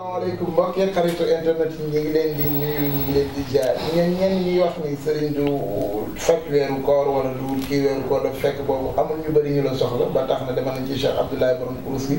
asalaamaaleykum mbokki xaritu internet yi ñu ngi leen di nuyu ñu jaar ñeen ñenn ñuy wax ni sëriñ du faj weeru koor wala du kii weeru koor la fekk boobu amul ñu bëri ñu la soxla ba tax na dama nañ ci Cheikh Abdoulaye Borom Kourous gi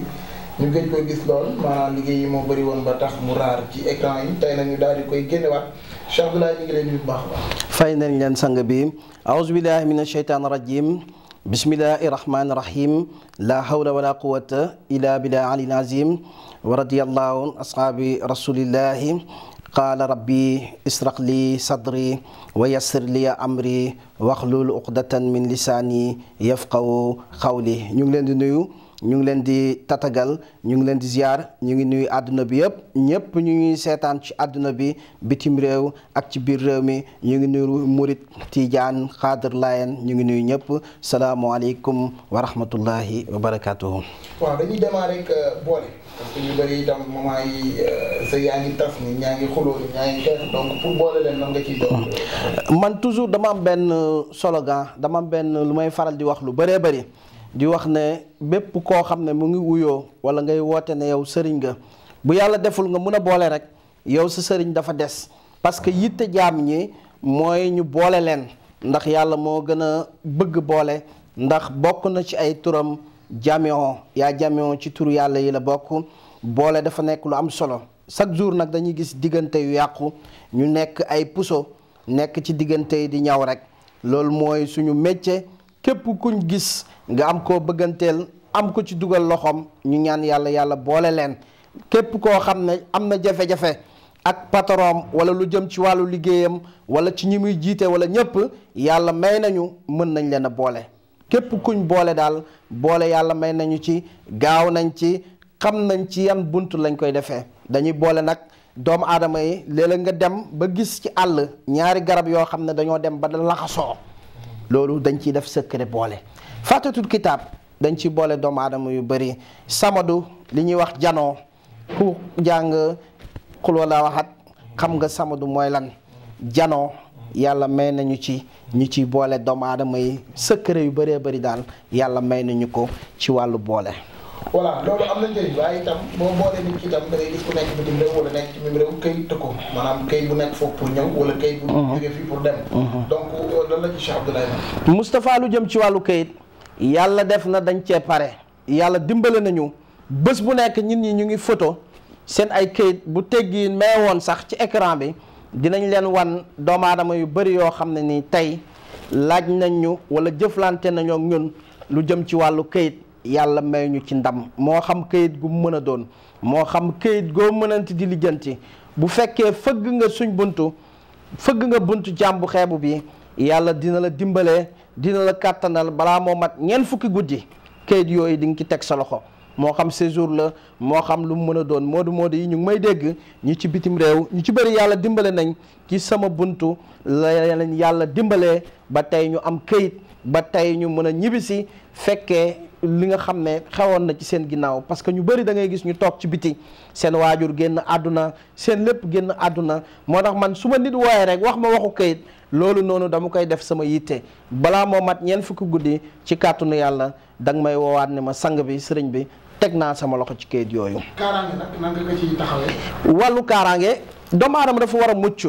ñu gëj ko gis lool maanaam liggéey yi moo bëri woon ba tax mu raar ci écran yi tey nañu daal di koy génnewaat Cheikh Abdoulaye ñu ngi leen di bu baax a fay nañ leen sang bi aouzu billahi mina sheytaan rajim bismillahi rahmaani rahim la hawla wala quwata ila billah alil azim wa radiyallahu an ashaabi rasulillahi qaala rabbi israq li sadri wa yassir li amri waxlul uqdatan min lisaani yafqahu qawli ñu ngi leen di nuyu ñu ngi leen di tatagal ñu ngi leen di ziar ñu ngi nuyu àdduna bi yëpp ñëpp ñu ngi seetaan ci àdduna bi bitim réew ak ci biir réew mi ñu ngi nuyu murit tiijaan xaadir layen ñu ngi nuyu ñëpp salaamaaleykum wa rahmatullahi wa barakaatuhu. waaw dañuy démarrer rek euh, boole parce que ñu bëri itam moment yi euh, sa yaa ngi tas ni ñaa ngi xuloo ñaa ngi xeex donc pour boole leen nan nga ciy doon. man toujours dama am benn euh, dama am lu may faral di wax lu bëree bëri. di wax ne bépp koo xam ne mu ngi wuyoo wala ngay woote ne yow sëriñ nga bu yàlla deful nga mun a boole rek yow sa sëriñ dafa des parce que yitte jaam ñi mooy ñu boole leen ndax yàlla moo gën a bëgg boole ndax bokk na ci ay turam jameon yaa jameon ci tur yàlla yi la bokk boole dafa nekk lu am solo chaque jour nag dañuy gis diggante yu yàqu ñu nekk ay puso nekk ci diggante yi di ñaw rek loolu mooy suñu métier képp kuñ gis nga am koo bëgganteel am ko ci dugal loxoom ñu ñaan yàlla yàlla boole leen képp koo xam ne am na jafe-jafe ak patron wala lu jëm ci wàllu liggéeyam wala ci ñi muy jiite wala ñëpp yàlla may nañu mën nañ leen a boole képp kuñ boole daal boole yàlla may nañu ci gaaw nañ ci xam nañ ci yan bunt lañ koy defee dañuy boole nag doomu aadama yi léeg nga dem ba gis ci àll ñaari garab yoo xam ne dañoo dem ba da laxasoo loolu dañ ciy def secret boole fàttatul kitaab dañ ci boole doomu aadama yu bëri samadu li ñuy wax janoo ku jàng xulwa la waxat xam nga samadu mooy lan janoo yàlla may nañu ci ñu ci boole doomu aadama yi secret yu bëree bari daal yàlla may nañu ko ci wàllu boole voilà loolu am na njëriñ waaye itam boo boolee nit ki itam da ngay gis ku nekk bitim réew wala nekk ci même réew këy tëkku maanaam këy bu nekk foofu pour ñëw wala këy bu mhm. jóge fii pour dem mhm. donc euh, loolu la lu jëm ci wàllu këyit yàlla def na dañ cee pare yàlla dimbale nañu bés bu nekk nit ñi ñu ngi photo seen ay këyit bu teggi mee woon sax ci ecran bi dinañ leen wan doomu aadama yu bëri yoo xam ne ni tey laaj nañ ñu wala jëflante nañoo ñun lu jëm ci wàllu këyit yàlla may ñu ci ndam moo xam kayit gu mën a doon moo xam këyit goo mënanti di lijjanti bu fekkee fëgg nga suñ buntu fëgg nga buntu jàmbu xeebu bi yàlla dina la dimbalee dina la kàttanal balaa moo mat ñeent fukki guddi kayit yooyu di nga ci teg sa loxo moo xam séjour la moo xam lu mu mën a doon moodu moodu yi ñu ngi may dégg ñu ci bitim réew ñu ci bëri yàlla dimbale nañ ci sama buntu la leen yàlla dimbalee ba tey ñu am këyit ba tey ñu mën a ñibbisi fekkee li nga xam ne xewoon na ci seen ginnaaw parce que ñu bëri dangay gis ñu toog ci biti seen waajur génn àdduna seen lépp génn àdduna moo tax man su ma nit wooyee rek wax ma waxu kayit loolu noonu dama koy def sama yitte balaa moo mat ñeent fukki guddi ci kàttanu yàlla danga may woowaat ne ma sang bi sëriñ bi teg naa sama loxo ci kayit yooyu. kaaraange nag nan kaaraange doomu aadama dafa war a mucc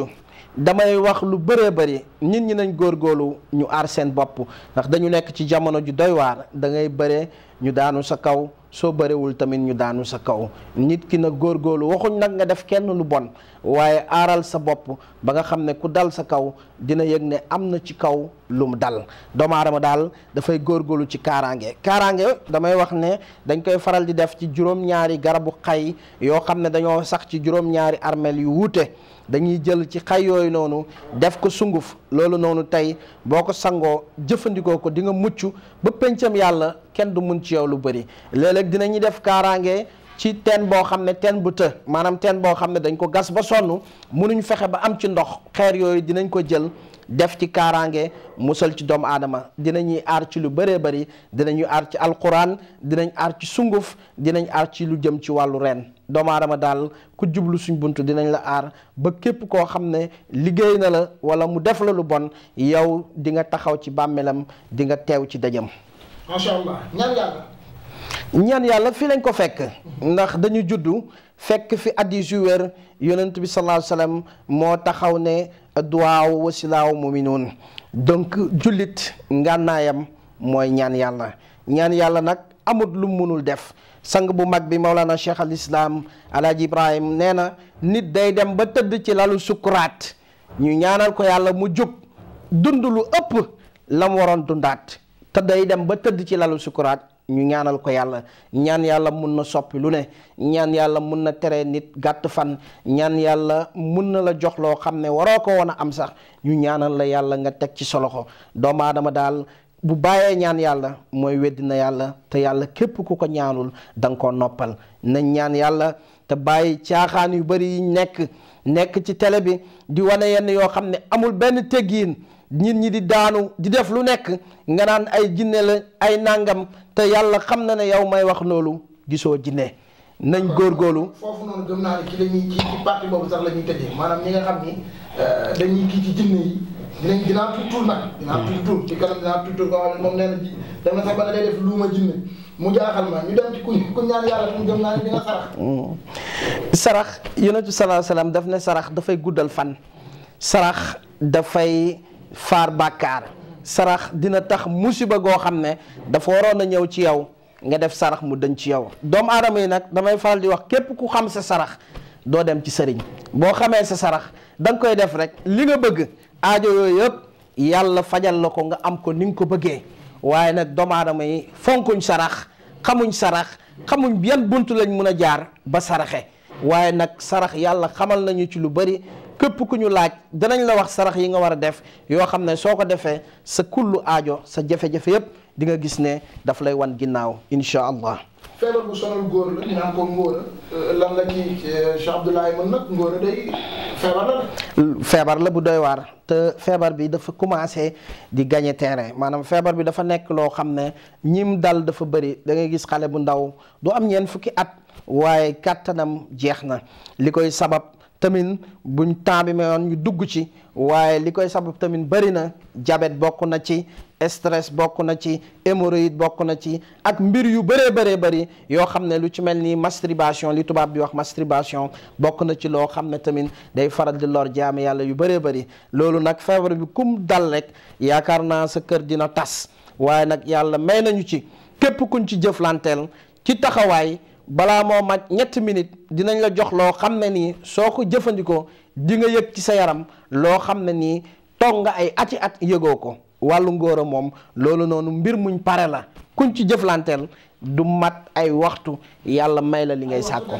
damay wax lu bëree bëri. nit ñi nañ góor góorlu ñu aar seen bopp ndax dañu nekk ci jamono ju doy dangay da bëre ñu daanu sa kaw soo bërewul tamit ñu daanu sa kaw nit ki na góorlu waxuñ nag nga def kenn lu bon waaye aaral sa bopp ba nga xam ne ku dal sa kaw dina yëg ne am na ci kaw lu mu dal doomu aadama daal dafay góor góorgóorlu ci kaaraange kaaraange damay wax ne dañ koy faral di def ci juróom-ñaari garabu xay yoo xam ne dañoo sax ci juróom-ñaari armeel yu wuute dañuy jël ci xay yooyu noonu def ko sunguf loolu noonu tey boo ko sangoo jëfandikoo ko di nga mucc ba pencam yàlla kenn du mun ci yow lu bëri léeléeg dinañu def kaaraange ci teen boo xam ne teen bu të maanaam teen boo xam ne dañ ko gas ba sonn munuñ fexe ba am ci ndox xeer yooyu dinañ ko jël def ci kaaraange musal ci doomu aadama dinañuy aar ci lu bëree bëri dinañu aar ci alquran dinañ aar ci sunguf dinañ aar ci lu jëm ci wàllu reen doomu aadama daal ku jublu suñ bunt dinañ la aar ba képp koo xam ne liggéey na la wala mu def la lu bon yow di nga taxaw ci bàmmeelam dinga teew ci dajam. macha ñaan yàlla. ñaan fii lañ ko fekk. ndax dañu juddu fekk fi hadiis yu wér yonent bi sallallahu alayhi moo taxaw ne. duwaaw wasilaaw muminuun donc jullit ngànnaayam mooy ñaan yàlla ñaan yàlla nag amut lu munul def sang bu mag bi Mawlana Cheikh al Islam Alaaji Ibrahim nee na nit day dem ba tëdd ci lalu sukkuraat ñu ñaanal ko yàlla mu jóg dund lu ëpp la mu waroon dundaat te day dem ba tëdd ci lalu sukuraat ñu ñaanal ko yàlla ñaan yàlla mun na soppi lu ne ñaan yàlla mun na tere nit gàtt fan ñaan yàlla mun na la jox loo xam ne waroo ko woon a am sax ñu ñaanal la yàlla nga teg ci sa loxo doomu daal bu bàyyee ñaan yàlla mooy wedd na yàlla te yàlla képp ku ko ñaanul da nga koo noppal nañ ñaan yàlla te bàyyi caaxaan yu bari yi nekk nekk ci télé bi di wane yenn yoo xam ne amul benn teggiin nit ñi di daanu di def lu nekk nga naan ay jinne la ay nàngam te yàlla xam na ne yow may wax loolu gisoo jinne nañ góorgóorlu. foofu noonu gëm naa ne ci dañuy maanaam ñi nga xam ni euh, dañuy kii ci jinne yi dinañ dinaa tuutul nag. dinaa tuutul ci kanam dinaa tuutul koo xam moom nee na sax ba ne day def luuma jinne mu jaaxal ma ñu dem ci ku ku ñaan yàlla tam sarax. Mm. ne sarax dafay guddal fan. sarax dafay. faar bàkkaar sarax dina tax musiba goo xam ne dafa waroon a ñëw ci yow nga def sarax mu dëñ ci yow doomu aadama yi nag damay faral di wax képp ku xam sa sarax doo dem ci sëriñ boo xamee sa sarax da nga koy def rek li nga bëgg aajo yooyu yëpp yàlla fajal la ko nga am ko ni nga ko bëggee waaye nag doomu aadama yi fonkuñ sarax xamuñ sarax xamuñ yan bunt lañ mun a jaar ba saraxe waaye nag sarax yàlla xamal nañu ci lu bari képp ku ñu laaj danañ la wax sarax yi nga war a def yoo xam ne soo ko defee sa kullu ajo sa jafe-jafe yépp di nga gis ne daf lay wan ginnaaw insha allah feebar bu sonal góor la euh, euh, feebar la bu doy waar te feebar bi dafa commencé di gagner terrain maanaam feebar bi dafa nekk loo xam ne ñim dal dafa bëri dangay gis xale bu ndaw du am ñeent fukki at waaye kàttanam jeex na li koy sabab tamit buñ temps bi mayoon ñu dugg ci waaye li koy sabab tamit bëri na diabète bokk na ci stress bokk na ci hémorroïde bokk na ci ak mbir yu bëree bëree bari yoo xam ne lu ci mel ni masturbation li tubaab bi wax masturbation bokk na ci loo xam ne tamit day faral di lor jaam yàlla yu bëree bari loolu nag feebar bi kum dal rek yaakaar naa sa kër dina tas waaye nag yàlla may nañu ci képp kuñ ci jëflanteel ci taxawaay balaa moo maj ñetti minute dinañ la jox loo xam ne ni soo ko jëfandikoo di nga yëg ci sa yaram loo xam ne nii toog nga ay ati at yëgoo ko wàllu ngóor moom loolu noonu mbir mu pare la kuñ ci jëflanteel du mat ay waxtu yàlla may la li ngay sàkko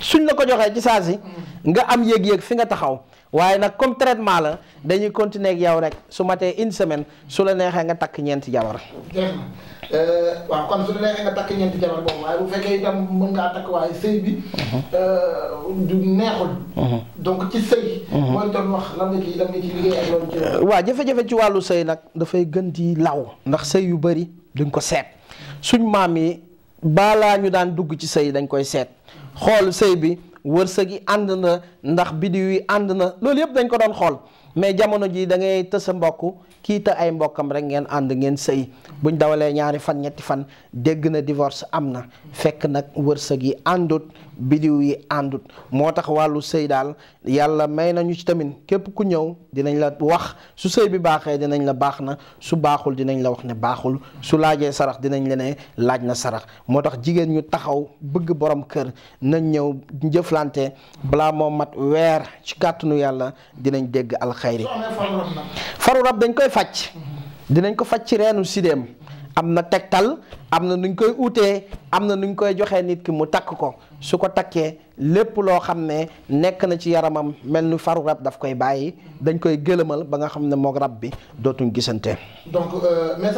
suñ la ko joxee ci saa si nga am yëg-yëg fi nga taxaw waaye nag comme traitement la dañuy continuer ak yow rek su matee une semaine su la neexee nga takk ñeenti jabar. jeex euh, kon su la neexee nga takk ñeenti jabar boobu waaye bu fekkee itam mën ngaa takk waaye sëy bi. Uh-huh. Euh, du neexul. Uh-huh. donc ci sëy. Uh-huh. mooy doon wax lan nga ci lan nga uh, ci wàllu sëy nag dafay gën di law ndax sëy yu bëri duñ ko seet suñ maam yi balaa ñu daan dugg ci sëy dañ koy seet xool sëy bi. wërsëg yi ànd na ndax biddiw yi ànd na loolu yëpp dañ ko doon xool mais jamono ji da ngay të sa mbokk kii te ay mbokkam rek ngeen ànd ngeen sëy buñ dawalee ñaari fan ñetti fan dégg na divorce am na fekk nag wërsëg yi àndut bidiw yi àndut moo tax wàllu sëy daal yàlla may nañu ci tamit képp ku ñëw dinañ la wax su sëy bi baaxee dinañ la baax na su baaxul dinañ la wax ne baaxul su laajee sarax dinañ la ne laaj na sarax moo tax jigéen ñu taxaw bëgg borom kër nañ ñëw njëflante balaa moo mat weer ci kàttanu yàlla dinañ dégg alxayri faru rab dañ koy faj mm-hmm. dinañ ko faj ci reenu siddéem am na tegtal am na nuñ koy uutee am na nuñ koy joxee nit ki mu takk ko su ko takkee lépp loo xam ne nekk na ci yaramam mel ni faru rab daf koy bàyyi dañ koy gëlëmal ba nga xam ne moog rab bi dootuñ gisante. Euh, dañuy mhm. euh, nañ mhm.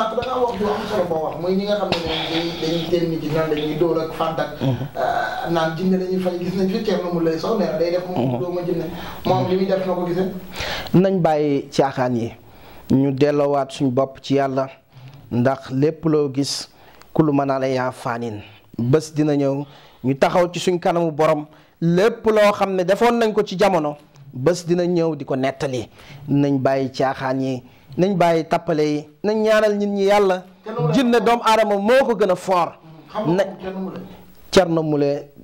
def. na ko gisee. nañ bàyyi caaxaan yi ñu delloowaat suñ bopp ci yàlla. ndax lépp loo gis ku lu mën a la yaa bés dina ñëw ñu taxaw ci suñ kanamu borom lépp loo xam ne defoon nañ ko ci jamono bés dina ñëw di ko nettali nañ bàyyi caaxaan yi nañ bàyyi tappale yi nañ ñaanal nit ñi yàlla jinne doomu aadama moo ko gën a foor na Cerno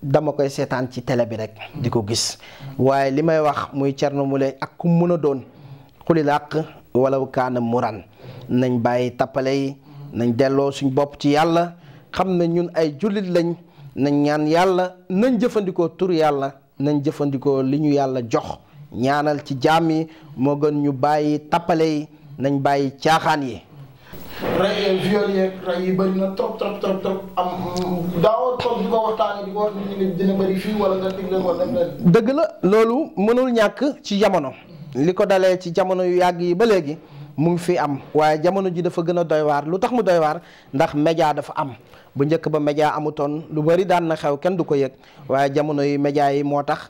dama koy seetaan ci tele bi rek di ko gis waaye li may wax muy Cerno Mule ak ku mën a doon xulil àq walaw kaana muran nañ bàyyi tappale yi nañ delloo suñ bopp ci yàlla xam na ñun ay jullit lañ nañ ñaan yàlla nañ jëfandikoo tur yàlla nañ jëfandikoo li ñu yàlla jox ñaanal ci jaam yi moo gën ñu bàyyi tappale yi nañ bàyyi caaxaan yi rey viol yeeg rey yi bëri trop trop trop am daawoo toog di ko waxtaanee di ko wax dina bëri fii wala nga dëgg la loolu mënul ñàkk ci jamono li ko dalee ci jamono yu yàgg yi ba léegi mu ngi fi am waaye jamono ji dafa gën a doy waar lu tax mu doy waar ndax média dafa am bu njëkk ba média amutoon lu bari daan na xew kenn du ko yëg waaye jamono yi média yi moo tax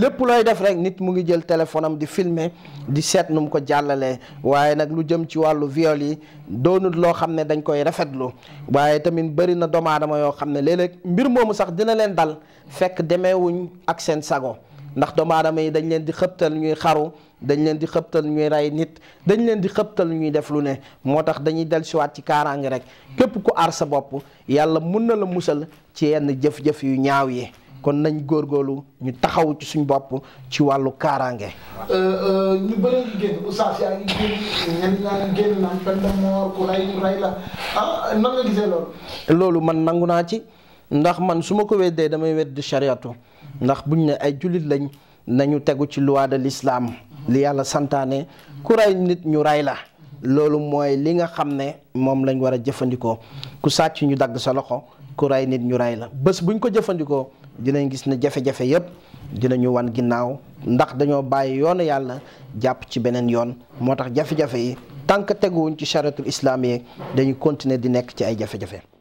lépp looy def rek nit mu ngi jël téléphone am di filme di seet nu mu ko jàllalee waaye nag lu jëm ci wàllu viol yi doonul loo xam ne dañ koy rafetlu waaye tamit bari na doomu yoo xam ne léeg mbir moomu sax dina leen dal fekk demeewuñ ak seen sago ndax doomu aadama yi dañ leen di xëptal ñuy xaru dañ leen di xëptal ñuy rey nit dañ leen di xëptal ñuy def lu ne moo tax dañuy dellusiwaat ci kaaraange rek gépp ku ar sa bopp yàlla mun na la musal ci yenn jëf-jëf yu ñaaw yi kon nañ góor góorlu ñu taxaw ci suñ bopp ci wàllu kaaraange. Euh, euh, ñu bëri ngi génn oustaz yaa ngi génn ñenn ah, gisee loolu. loolu man nangu naa ci ndax man su ma ko weddee damay wedd chariatu ndax bu ñu ne ay jullit lañ nañu tegu ci loi lislaam li yàlla santaane ku rey nit ñu ray la loolu mooy li nga xam ne moom lañ war a jëfandikoo ku sàcc ñu dagg sa loxo ku rey nit ñu ray la bés buñ ko jëfandikoo dinañ gis ne jafe-jafe yépp dinañu wan ginnaaw ndax dañoo bàyyi yoonu yàlla jàpp ci beneen yoon moo tax jafe-jafe yi tant que teguwuñ ci chariatul islaam yi dañu continuer di nekk ci ay jafe-jafe